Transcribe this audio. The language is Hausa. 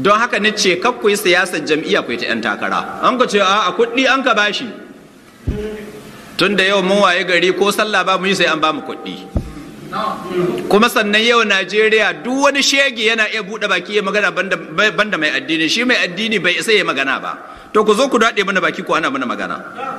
don haka ni ce kakku yi siyasar jam'iyya ku ta 'yan takara an ku ce a kuɗi an ka bashi tun da yau mun waye gari ko sallah ba mu yi sai an ba mu kuɗi kuma sannan yau najeriya duk wani shege yana iya buɗe baki ya magana banda mai addini shi mai addini bai isa ya magana ba to ku zo ku daɗe mana baki ko ana mana magana